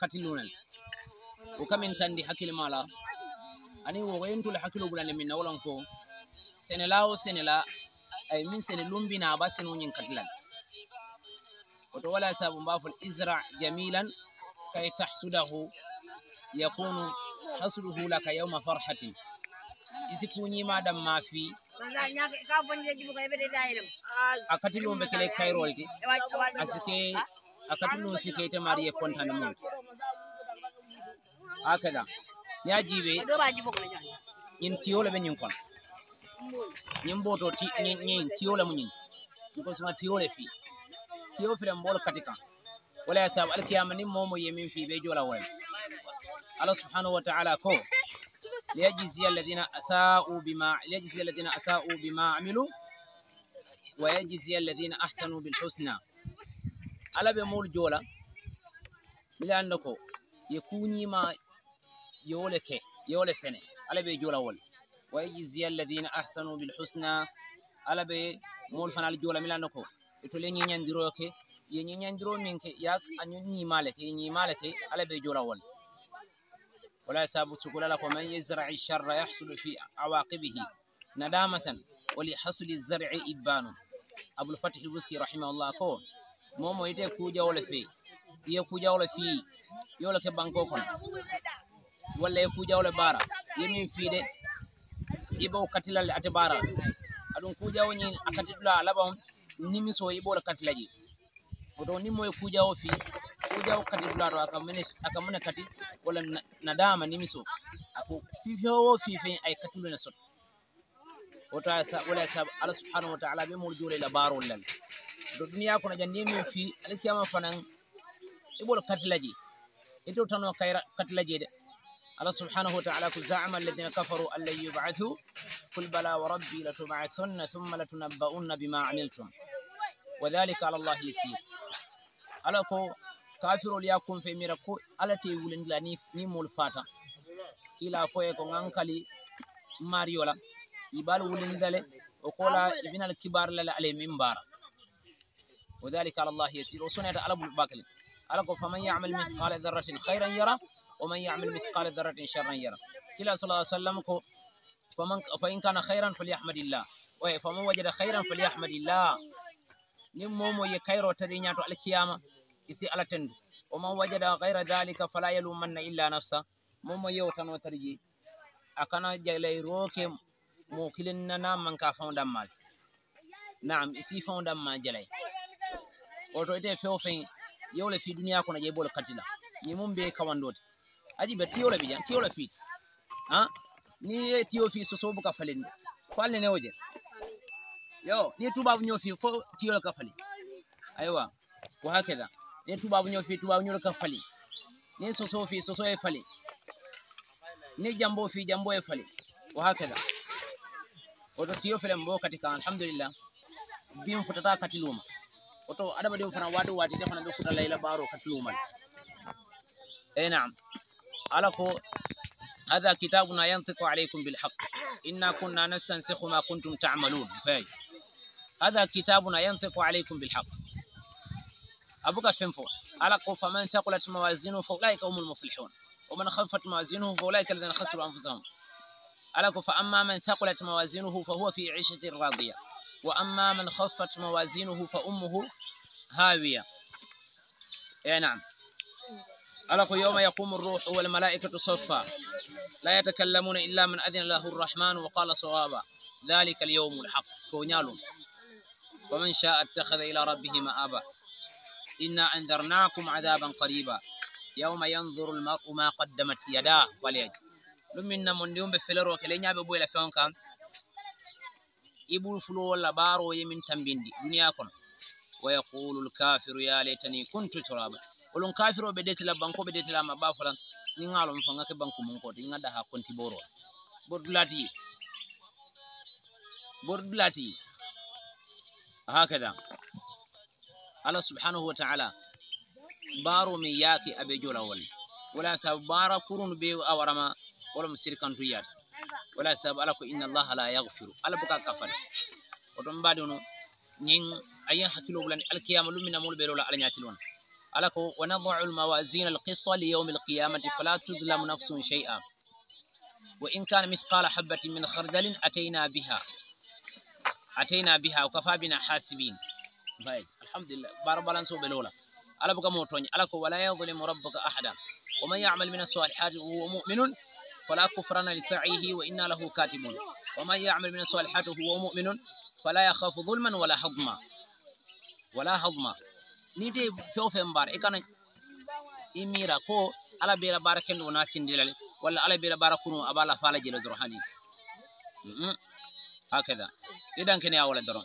katin nunan ko kamin tandi hakil mala ani wo tul hakkilo bulan min nawolan ko senela o senela ay min sene lumbina aba senoñin katilal to wala sabu mbafol isra jamilan kay tahsudahu yakunu hasruhu laka yawma farhatin isi kuñima ɗam ma fi a katilumɓe kele kayrolde asike akati luusi keyte mariye kontane mum akada ni a jiiɓe ñin tiyole ɓe ñin kon ñin mboto ñin tiyole mu ñin ñin kon suma tiyole fi tiyo fila mbolo kati kan wala ya sabu alkiyama ni momo ye min fi ɓe jola wol allah subhanahu wa taala ko liyajzi alladhina asa'u bima liyajzi alladhina asa'u bima amilu wa yajzi alladhina ahsanu bil husna alabe ɓe jola mila annda ko ye ma yewole ke yewole sene alabe jola wol wa yejisia alladina ahsanu bil husna alabe molu fanal jola mila annda ko to le ñiñandiro ke ye ñiñandiro min ke ya añu ñimale ke ni male ke alabe jola wol ولا يساب سكول لك ومن يزرع الشر يحصل في عواقبه ندامة ولحصل الزرع إبانه أبو الفتح البستي رحمه الله قول momo ite kuuja wole fe iye kuuja wole fii yole ke banko kono walla ye kuuja wole baara ye min fiide ibo katilalle ate baara aɗum kuuja o ñin akati ɗula alaɓa nimiso iɓole katilaji oto nimmo ye kuuja o fii kuuja o kati ɗula to aka mune kati walla nadama nimiso ako fifewo fii fe ay katulune sot wotowala sab ala subhanahu wa taala ɓe mol joolel a baarol lalle do duniya kono jandi min fanan ibol katlaji ito tano kayra katlaji الله سبحانه وتعالى قل زعم الذين كفروا أن لن يبعثوا قل بلى وربي لتبعثن ثم لتنبؤن بما عملتم وذلك على الله يسير على كافر ليكون في ميركو على تيول لاني نيمول فاتا كلا فوي كون انكلي ماريولا يبال ولندله وقولا ابن الكبار للا عليه منبار وذلك على الله يسير وسنة على باكل على فمن يعمل مثقال ذرة خيرا يرى ومن يعمل مثقال ذرة شرا يرى كلا صلى الله عليه وسلم فمن فإن كان خيرا فليحمد الله وي فمن وجد خيرا فليحمد الله نمومو يكيرو تدينياتو على القيامة يسي على تندو ومن وجد غير ذلك فلا يلومن إلا نفسه مومو يوتن وترجي أكنا جالي روكي موكلنا نام من كافون دمال نعم يسي فون دمال جالي otoite fewfen yole fi duniya kono jebo le katila ni mumbe be kawandode aji be yole bijan ti yole fi ha ni ti yole fi soso buka falin falle ne oje yo ni tu tubabu nyofi fo ti yole ka fali aywa ko hakeda ni tu tubabu nyofi tubabu nyole ka fali ni soso fi soso e fali ni jambo fi jambo e fali wa hakeda oto ti yole mbo katika alhamdulillah bimfutataka katiluma woto adamadenw fana waado waati ne fana be futa layla baaro katiliw هذا كتابنا ينطق عليكم بالحق إنا كنا نستنسخ ما كنتم تعملون هاي هذا كتابنا ينطق عليكم بالحق أبوك فنفو على فمن ثقلت موازينه فأولئك هم المفلحون ومن خفت موازينه فأولئك الذين خسروا أنفسهم على فأما من ثقلت موازينه فهو في عيشة راضية وأما من خفت موازينه فأمه هاوية أي نعم ألق يوم يقوم الروح والملائكة صفا لا يتكلمون إلا من أذن له الرحمن وقال صوابا ذلك اليوم الحق كونيالو ومن شاء اتخذ إلى ربه مآبا إنا أنذرناكم عذابا قريبا يوم ينظر المرء ما قدمت يداه وليد لمن من يوم بفلر وكلين يا إلى فيون كان iɓul fulo walla ɓaaro yemin tambindi duniya kon wayaqulu lkafiru ya leytani kuntu toraba olon kafiro ɓe detila banko ɓe detilama ɓa falan igalom fangake banku munkoto igadda ha konti borol borɗulati borɗulati hakada allah subhanahu wa taala baaro min yaake aɓe jolawol wala sabu baara kurunu be awarama walamo sirkantu yata wala sabu ala ko inna allaha la yaghfiru ala buka kafana oɗon mbaɗi ono ñin ayen hakkilo wulani alkiyama lumina mulu ɓeɗo la ala ñatilon ala ko wa nadau lmawasina alqista li yaumi alqiyamati fala tudlamu nafsun shay'a wa in kana mithqala habatin min khardalin atayna biha atayna biha wa kafa bina hasibin bay alhamdulillah bara balanso ɓelola ala buka mo toñ ala ko wala yadlimu rabbuka ahada wa man yamal min alsalihati wa huwa muminun فلا كفران لسعيه وإنا له كاتبون ومن يعمل من الصالحات هو مؤمن فلا يخاف ظلما ولا هضما ولا هضما نيتي فيو فمبار إكان إميرا كو على بيلا باركن وناسين دلالي ولا على بيلا باركونو أبالا فالا جلو هكذا إذا كنيا أولا درون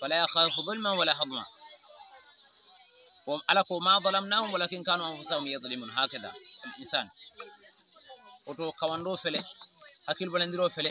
فلا يخاف ظلما ولا هضما وعلى ما ظلمناهم ولكن كانوا أنفسهم يظلمون هكذا الإنسان oto kawando fele hakkil balandiro fele